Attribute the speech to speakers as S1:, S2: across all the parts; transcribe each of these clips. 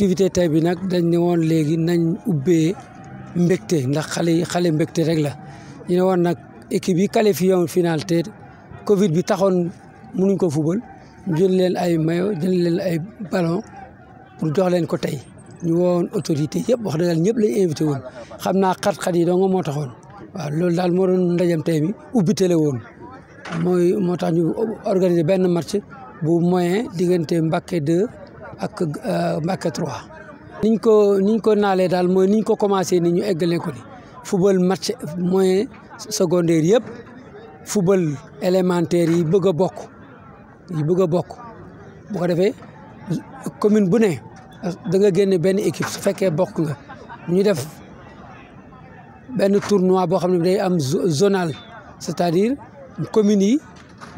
S1: activité tey bi nag dañ ne woon léegi nañ ubbee mbégte ndax xale yi xale mbégte rek la ñu nag équipe yi qualifié woon final te Covid bi taxoon mënuñ ko fubal jël leen ay mayo jël leen ay ballon pour jox leen ko tey ñu woon autorité yëpp wax dëgg ñëpp lañ invité woon xam naa xat-xat yi dong moo taxoon waaw loolu daal moo doon ndajam tey bi ubbite la woon mooy moo tax ñu organiser benn marché bu moyen diggante Mbacké 2 ak euh, Mbacké 3. niñ ko niñ ko naalee daal mooy niñ ko commencé ni ñu eggalee ko ni football match moyen secondaire yëpp football élémentaire yi bëgg bokk yi bëgg a bokk bu ko defee commune bu ne danga nga génne benn équipe su fekkee bokk nga ñu def benn tournoi boo xam ne day am zonal cest à communes yi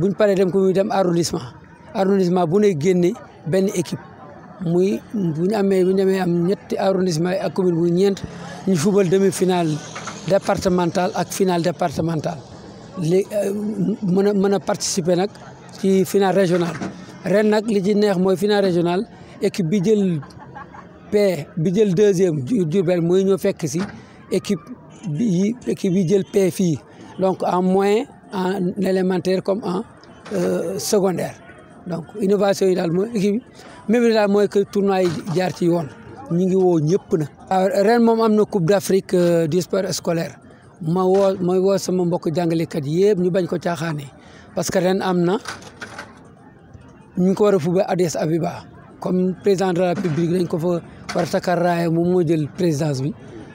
S1: buñ paree dem commune dem arrondissement arrondissement bu ne génnee benn équipe muy bu ñu amee bu ñu ñetti arrondissement ak commune bu ñeent ñu fubal demi final départemental ak final départemental léegi euh, mën a mën a participer nag ci final régional ren nag li ci neex mooy final régional équipe bi jël P bi jël deuxième Diourbel mooy ñoo fekk si équipe bi équipe bi jël P fii donc en moyen en élémentaire comme en euh, secondaire donc innovation yi daal mooy équipe même daal mooy que tournoi yi jaar ci yoon ñu ngi woo ñëpp na. Ah, ren moom am na coupe d' afrique euh, du sport scolaire ma woo ma woo sama mbokk jàngalekat yëpp ñu bañ ko caaxaanee parce que ren am na ñu ngi ko war a fubé Addis Abiba comme président de la république dañ ko fa war a takkal moom moo jël présidence bi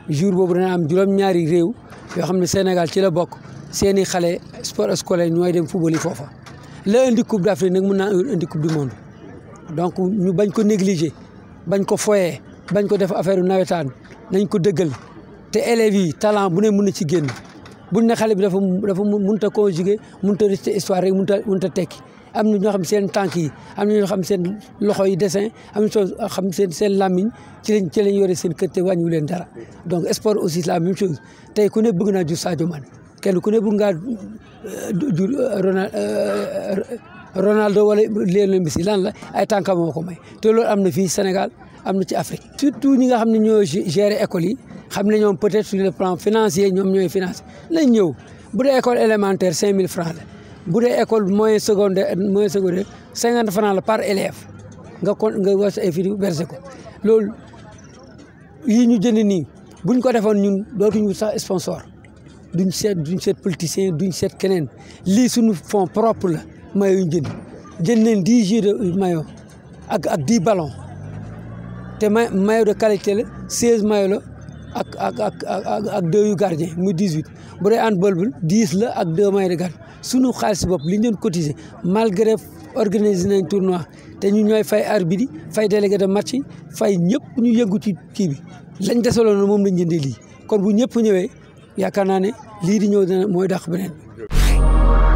S1: jour boobu dana am juróom-ñaari réew yoo xam ne Sénégal ci la bokk seeni xale sport scolaire ñooy dem fubali foofa la indi coupe d' afrique nag mën naa indi coupe du donc ñu bañ ko négliger bañ ko foyee bañ ko def affaire nawetaan nañ ko dëggal te élèves yi talent bu ne mën na ci génn buñ ne xale bi dafa dafa mënut a conjuguer mënut a rester histoire rek mënut a mënut a tekki am na ñoo xam seen tànk yi am na ñoo xam seen loxo yi dessin am na ñoo xam seen seen làmmiñ ci lañ ci lañ yore seen kër te wàññiwu leen dara donc sport aussi la même chose tey ku ne bëgg naa jur Sadio Mané kenn ku ne bëgg ngaa jur euh, euh, Ronald euh, Ronaldo wala Lionel Messi lan la ay tànkam moo ko may te loolu am na fii Sénégal am na ci Afrique surtout ñi nga xam ne ñoo gérer école yi xam ne ñoom peut-être sur le plan financier ñoom ñooy financé nañ ñëw bu dee école élémentaire cinq mille francs la bu dee école moyen secondaire moyen secondaire cinquante francs la par élève nga kon nga was ay fii versé ko loolu yi ñu jënd nii buñ ko defoon ñun dootuñu sax sponsor duñ seet duñ seet politicien duñ set keneen lii suñu fonds propre la maillot jën jën nañ dix jeux de maillot ak ak dix ballons te ma maillot de qualité la seize maillot la ak ak ak ak ak deux yu gardien muy dix huit bu dee handball bi la ak deux maillot de gardien sunu xaalis bopp li ñu doon cotiser malgré organiser nañ tournoi te ñu ñooy fay arbitre yi fay délégué de match fay ñëpp ñu yëngu ci kii bi lañ desaloon moom lañ jëndee lii kon bu ñëpp ñëwee yaakaar naa ne lii di ñëw dina mooy dàq beneen.